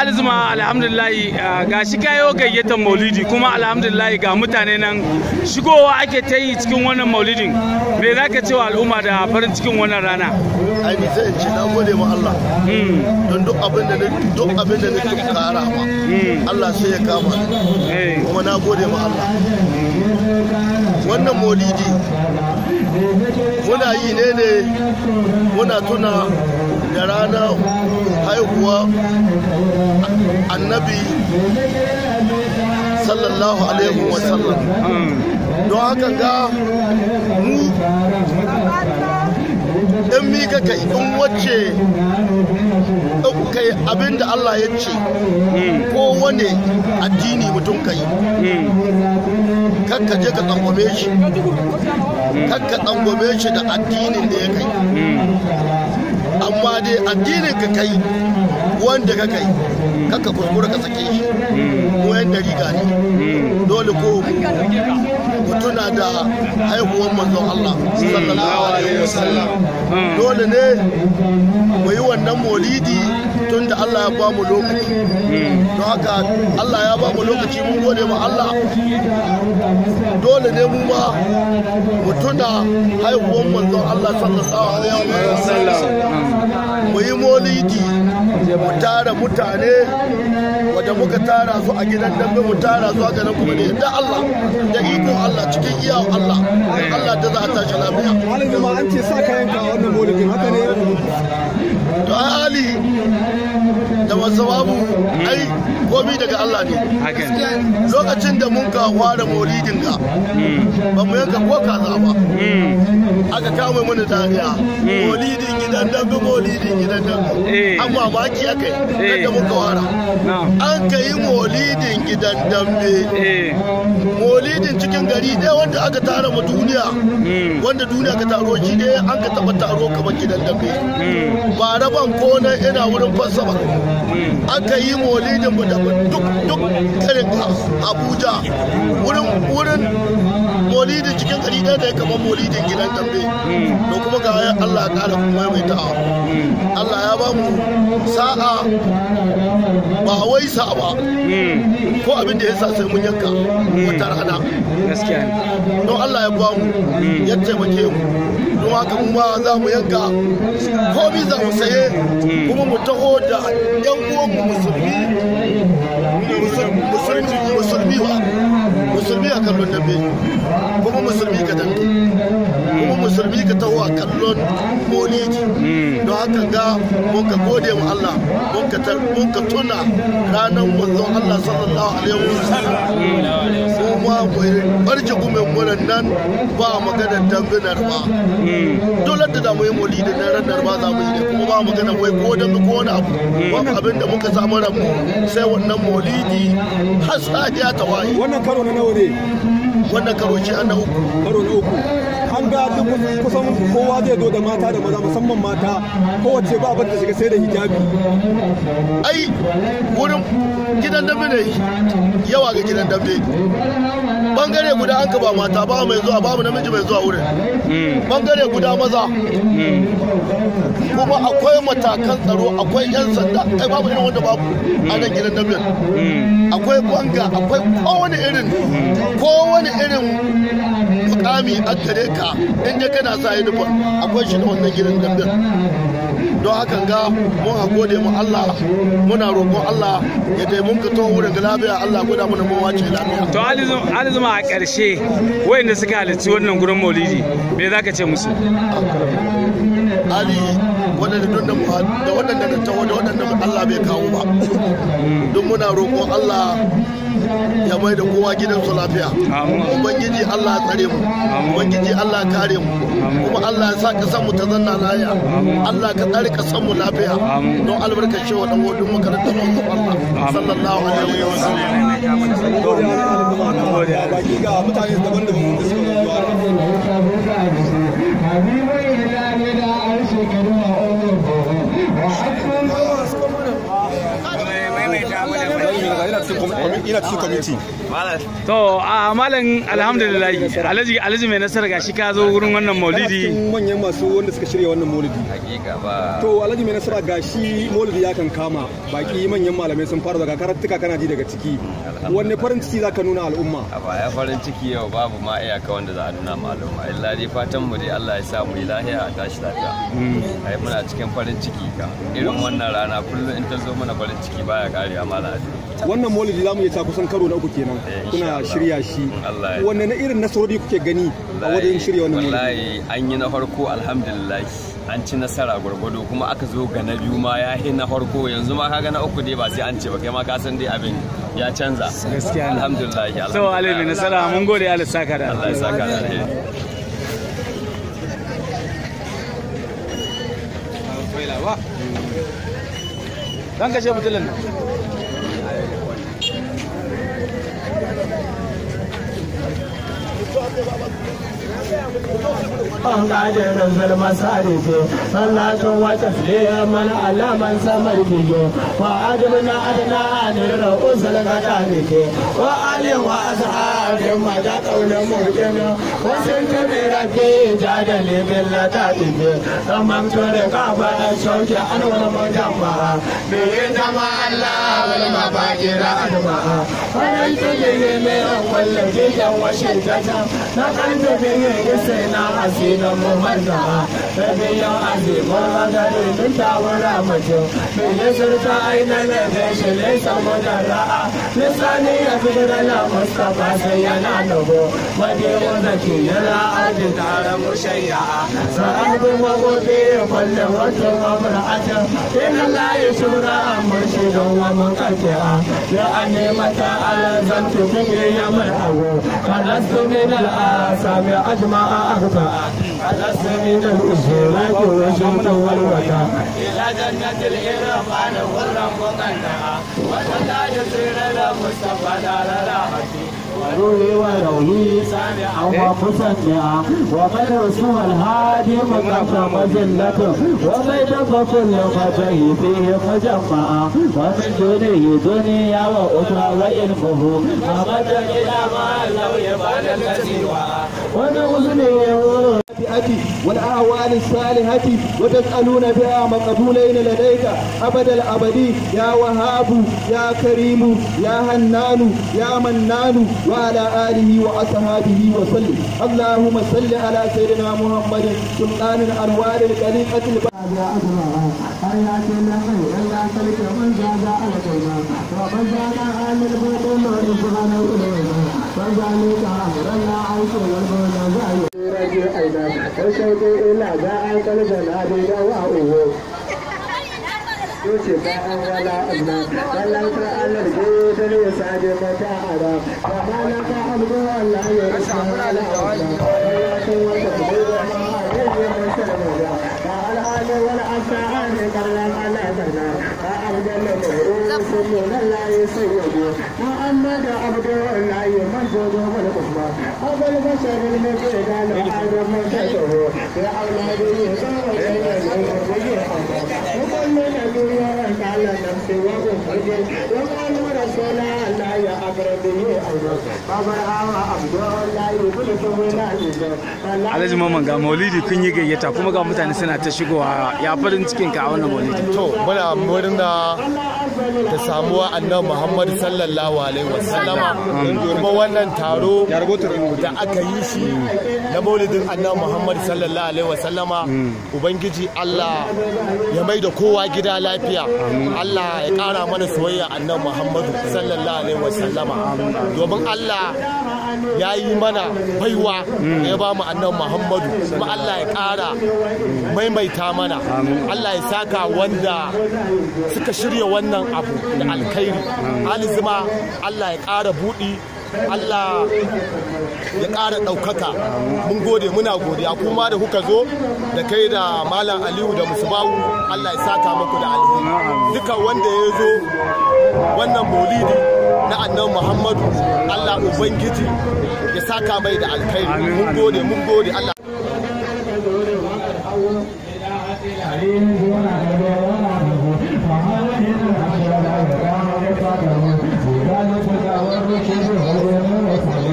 alzuma alhamdulillahi ga shi kayo gayyatar maulidi kuma alhamdulillahi ga mutane nan shigowa ake ta yi cikin wannan maulidin me za ka cewa al'umma da farin cikin wannan rana ai ni zai ce na gode ma Allah hmm. don duk abin da duk abin da nake kara ma hmm. Allah sai ya kama eh. kuma na gode ma Allah hmm. wannan molidi muna yi ne ne muna tuna da rana haihuwa annabi sallallahu alaihi wasallam don haka ga mu ɗan mika kai in wacce kai abin da Allah ya ce ko wane addini mutum ka yi kakka je ka tsangwame shi kakka tsangwame shi da addinin da ya kai amma dai addinin ka kai wanda ka kai kaka kurkura ka sake shi mu yan ne dole ko mutuna da haihuwar manzon Allah sallallahu alaihi wasallam dole ne mu yi wannan molidi tun da Allah ya ba mu lokaci don haka Allah ya ba mu lokaci mun gode ma Allah dole ne mu ma mu tuna haihuwar manzo Allah sallallahu alaihi wa sallam mu yi molidi mu tara mutane wanda muka tara su a gidan dambe mu tara su a nan kuma ne da Allah da iko Allah cikin iyawar Allah Allah da za a shi lafiya. Malami ma an ce sa kayan وثوابه أي komi daga Allah ne lokacin da mun ka fara maulidin ga hmm. ba mu yanka ko kaza ba hmm. aka kama mana dariya hmm. maulidin gidan dambe maulidin gidan dambe eh. an ki aka yi da eh. mun ka fara an ka yi maulidin gidan dambe eh. maulidin cikin gari ɗaya wanda aka tara mu duniya wanda duniya ka taro shi dai an ka taɓa taro kamar gidan dambe ba raban ko nan ina wurin fasa ba aka yi maulidin mu da duk karin abuja wurin wurin molidin cikin gari ɗaya da ya kama molidin gidan dambe da kuma ga allah ƙara kuma mai ta'a allah ya ba mu sa'a ba wai sa'a ba ko abin da ya sa sai mun yanka wata rana don allah ya ba mu ya taimake mu don haka mu ma za mu yanka komi za mu saye kuma mu taho da yan uwanmu musulmi musulmi a kan wannan kuma musulmi ka dangi musulmi ka taho a kallon moleji hmm. don haka ga mun ka gode mu Allah mun ka mun ka tuna ranar manzon Allah sallallahu alaihi wasallam kuma mu barke gume munan nan ba magana dambinar ba hmm. dole da mu yi da ran da ba za mu yi kuma ba magana wai ko da ko wani abu abin da muka samu ran mu sai wannan maulidi hasa ya ta waye wannan karo na nawa ne wannan karo shi an na uku karo na uku an ga duk kusan kowa zai zo da mata da maza musamman mata kowace ba abin da shiga sai da hijabi ai wurin gidan dambe ne yawa ga gidan dambe bangare guda an ba mata ba mai zuwa ba mu namiji mai zuwa wurin bangare guda maza kuma akwai matakan tsaro akwai yan sanda ai babu irin wanda babu a nan gidan dambe akwai banga akwai kowane irin kowane irin mukami a gare ka ka in dai kana sa uniform akwai shi na wannan gidan dambe don haka ga mun a gode mu Allah muna roƙon Allah ya dai mun fito wurin lafiya Allah guda mana mun wace lafiya to ma a ƙarshe wayanda suka halarci wannan gurin maulidi me zaka ce musu alkur'ani wadanda don da da wadanda da tawo da wadanda Allah bai kawo ba duk muna roƙon Allah ya mai da kowa gidansu lafiya ubangiji Allah tsare mu ubangiji Allah kare mu kuma Allah ya saka san mu ta zanna lafiya Allah ka tsare kasan mu lafiya don shi wa dan wadin makarantar mu Allah sallallahu alaihi wa sallam mutane daban-daban suka zuwa to a malam alhamdulillah alhaji alhaji mai nasara gashi ka zo wurin wannan maulidi manyan masu wanda suka shirya wannan maulidi to alhaji mai nasara gashi maulidi ya kan kama baki manyan malamai sun fara daga karatuka kana ji daga ciki wanne farin ciki za ka nuna al'umma a baya farin ciki yau babu ma iyaka wanda za a nuna ma al'umma illa dai fatan mu dai Allah ya sa mu yi lafiya a tashi lafiya hmm. ai muna cikin farin ciki ka irin wannan rana kullum in ta zo mana farin ciki baya karewa malam wannan maulidi zamu iya ta kusan karo na uku kenan eh, kuna shirya shi wanne na irin nasarori kuke gani a wajen shirya wannan maulidi wallahi an yi na farko alhamdulillah an ci nasara gwargwado kuma aka zo ga na biyu ma ya yi na farko yanzu ma kaga na uku dai ba sai an ce ba kai ma ka san dai abin ya canza gaskiya alhamdulillah so alimi nasara mun gode Allah saka da Allah saka da dan kashe nan ɓangaren ranzar masarife sallacin wata fiye mana alaman samar biyu wa na adana anirra usul gada ne ke wa alin wa himma ja kaunar murkina wasan ta mai rafi ja da lemin lata ɗibe don mamto da kaba da sauke an wani mutan ma'a mai yi zama Allah wani mafakira an a wani tuli ne mai kwallon jikin washe jata na kan tafi ne gisa na asinan mu manta da biyan azimar ragare tun tawon ramacin mai yi zurfa ainihin da shi ne samu da ra'a lissani ya fi da na mustapha sai yana nuhu madewar da ke yana ajin tare mushayya sa'an bin magobe ya kwalle wata mamar ajin ina layi shura a murshi don wa mun kafiya ya an nema ta alazan ne ya mai hawo kalastu min al'asa mai ajma a akba kalastu min al'usura ko rashin tawalwata ila jannatil irfana wallan bukanta wata da ya tsira da mustafa da lalahati والروي والروي أنفسنا وقد رسوها الهادي مقدم جلة وبيد فكل فتيه فيه فجمع ومن دونه دنيا وأخرى وإلمه أبدا إلى ما لو يبان الكثير ونغزله النافئة والأعوال الصالحة وتسألون بها مقبولين لديك أبد الأبدي يا وهاب يا كريم يا هنان يا منان وعلى آله وأصحابه وسلم اللهم صل على سيدنا محمد سلطان الأنوار الخليقة البحر راجع أيضا وشيء إلا داء قلبا عبيدا وأوه wuce bayan wala amma wallan ta anar gode ne na abu wata ma da ba alhali alhaji maman ga maulidi kun yi gayyata kuma ga mutane suna ta shigowa ya farin cikin ka a wannan maulidi to bada murin da Ta samuwa annabi Muhammad sallallahu alaihi wasallama kuma wannan taro da aka yi shi na maulidin annabi Muhammad sallallahu alaihi wasallama ubangiji Allah ya mai da kowa gida lafiya Allah ya kara mana soyayya annabi Muhammad sallallahu alaihi wasallama domin Allah ya yi mana baiwa ya ba mu annan muhammadu kuma allah ya kara maimaita mana allah ya saka wanda suka shirya wannan abu da alkhairi alizima allah ya kara buɗi Allah ya ƙara ɗaukaka mun gode muna godiya kuma da kuka zo da kai da malam aliyu da musubawu Allah ya saka muku da alheri duka wanda ya zo wannan maulidi na annan muhammadu allah ubangiji ya saka mai da alkhairi mun gode mun gode allah Thank you.